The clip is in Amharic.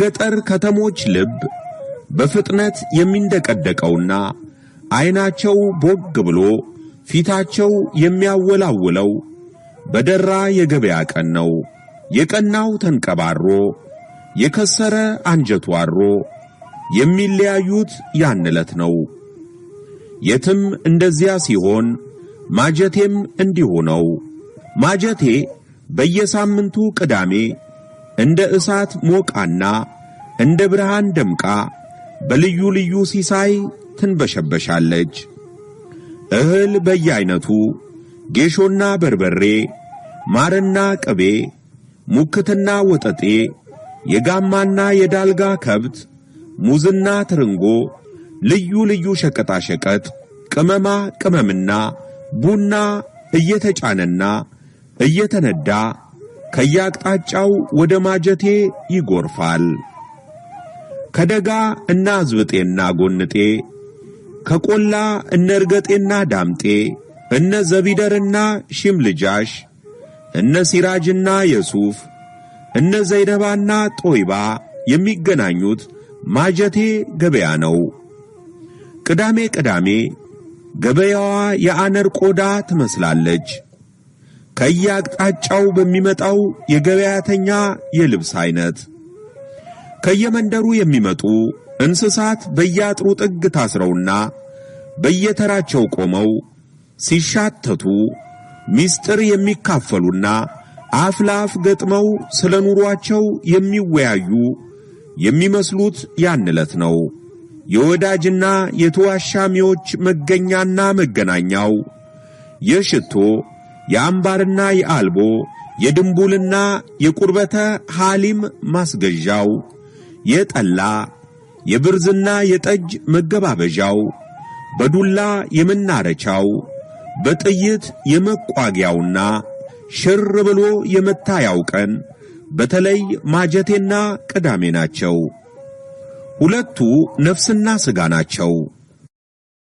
የገጠር ከተሞች ልብ በፍጥነት የሚንደቀደቀውና አይናቸው ቦግ ብሎ ፊታቸው የሚያወላውለው በደራ የገበያ ቀን ነው። የቀናው ተንቀባሮ የከሰረ አንጀቱ አሮ የሚለያዩት ያን ዕለት ነው። የትም እንደዚያ ሲሆን ማጀቴም እንዲሁ ነው። ማጀቴ በየሳምንቱ ቅዳሜ እንደ እሳት ሞቃና እንደ ብርሃን ደምቃ በልዩ ልዩ ሲሳይ ትንበሸበሻለች። እህል በየአይነቱ፣ ጌሾና በርበሬ፣ ማርና ቅቤ፣ ሙክትና ወጠጤ፣ የጋማና የዳልጋ ከብት፣ ሙዝና ትርንጎ፣ ልዩ ልዩ ሸቀጣሸቀጥ፣ ቅመማ ቅመምና ቡና እየተጫነና እየተነዳ ከየአቅጣጫው ወደ ማጀቴ ይጎርፋል። ከደጋ እነ አዝብጤና ጎንጤ፣ ከቆላ እነ እርገጤና ዳምጤ፣ እነ ዘቢደርና ሽምልጃሽ፣ እነ ሲራጅና የሱፍ፣ እነ ዘይደባና ጦይባ የሚገናኙት ማጀቴ ገበያ ነው። ቅዳሜ ቅዳሜ ገበያዋ የአነር ቆዳ ትመስላለች። ከየአቅጣጫው በሚመጣው የገበያተኛ የልብስ አይነት ከየመንደሩ የሚመጡ እንስሳት በየአጥሩ ጥግ ታስረውና በየተራቸው ቆመው ሲሻተቱ ምስጢር የሚካፈሉና አፍ ለአፍ ገጥመው ስለ ኑሯቸው የሚወያዩ የሚመስሉት ያን ዕለት ነው። የወዳጅና የተዋሻሚዎች መገኛና መገናኛው የሽቶ የአምባርና የአልቦ የድንቡልና የቁርበተ ሐሊም ማስገዣው፣ የጠላ የብርዝና የጠጅ መገባበዣው፣ በዱላ የመናረቻው፣ በጥይት የመቋጊያውና ሽር ብሎ የመታያው ቀን በተለይ ማጀቴና ቅዳሜ ናቸው። ሁለቱ ነፍስና ሥጋ ናቸው።